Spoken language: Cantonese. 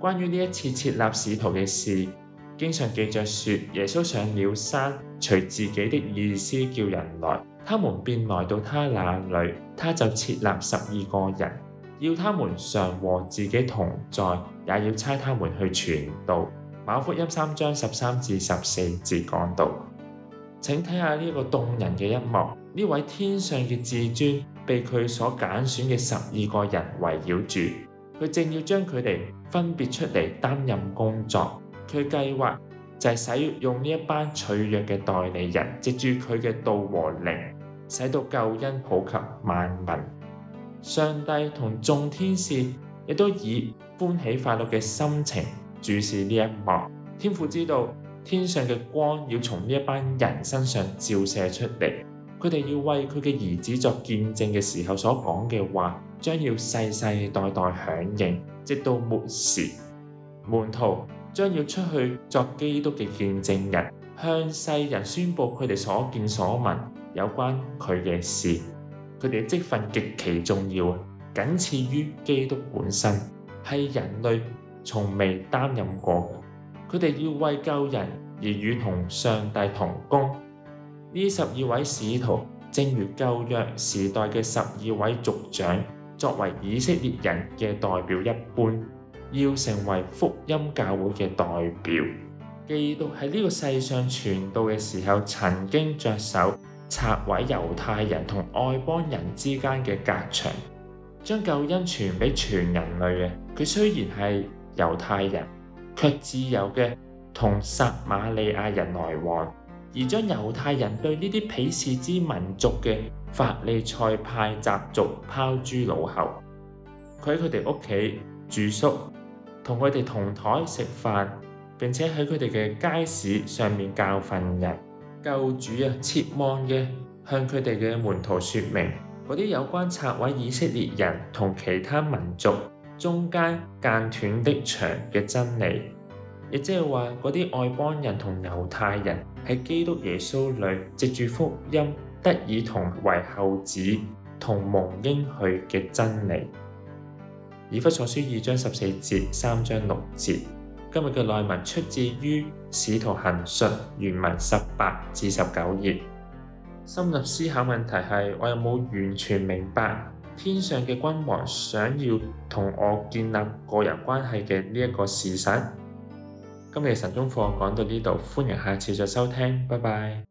關於呢一次設立使徒嘅事，經常記着說：耶穌上了山，隨自己的意思叫人來，他們便來到他那裏，他就設立十二個人，要他們常和自己同在，也要差他們去傳道。馬可福音三章十三至十四節講到。請睇下呢一個動人嘅一幕，呢位天上嘅至尊被佢所揀選嘅十二個人圍繞住。佢正要將佢哋分別出嚟，擔任工作，佢計劃就係使用呢一班脆弱嘅代理人，藉住佢嘅道和靈，使到救恩普及萬民。上帝同眾天使亦都以歡喜快樂嘅心情注視呢一幕。天父知道天上嘅光要從呢一班人身上照射出嚟。佢哋要為佢嘅兒子作見證嘅時候所講嘅話，將要世世代代響應，直到末時。門徒將要出去作基督嘅見證人，向世人宣布佢哋所見所聞有關佢嘅事。佢哋嘅職分極其重要啊，僅次於基督本身，係人類從未擔任過。佢哋要為救人而與同上帝同工。呢十二位使徒，正如舊約時代嘅十二位族長，作為以色列人嘅代表一般，要成為福音教會嘅代表。基督喺呢個世上傳道嘅時候，曾經着手拆毀猶太人同外邦人之間嘅隔牆，將救恩傳俾全人類嘅。佢雖然係猶太人，卻自由嘅同撒瑪利亞人來往。而將猶太人對呢啲鄙視之民族嘅法利賽派習俗拋諸腦後，佢喺佢哋屋企住宿，和他們同佢哋同台食飯，並且喺佢哋嘅街市上面教訓人。救主啊，切望嘅向佢哋嘅門徒説明嗰啲有關拆毀以色列人同其他民族中間間斷的牆嘅真理，亦即係話嗰啲外邦人同猶太人。喺基督耶穌裏藉住福音，得以同為後子，同蒙應許嘅真理。以弗所書二章十四節，三章六節。今日嘅內文出自於使徒行述原文十八至十九頁。深入思考問題係：我有冇完全明白天上嘅君王想要同我建立個人關係嘅呢一個事實？今日晨鐘課講到呢度，歡迎下次再收聽，拜拜。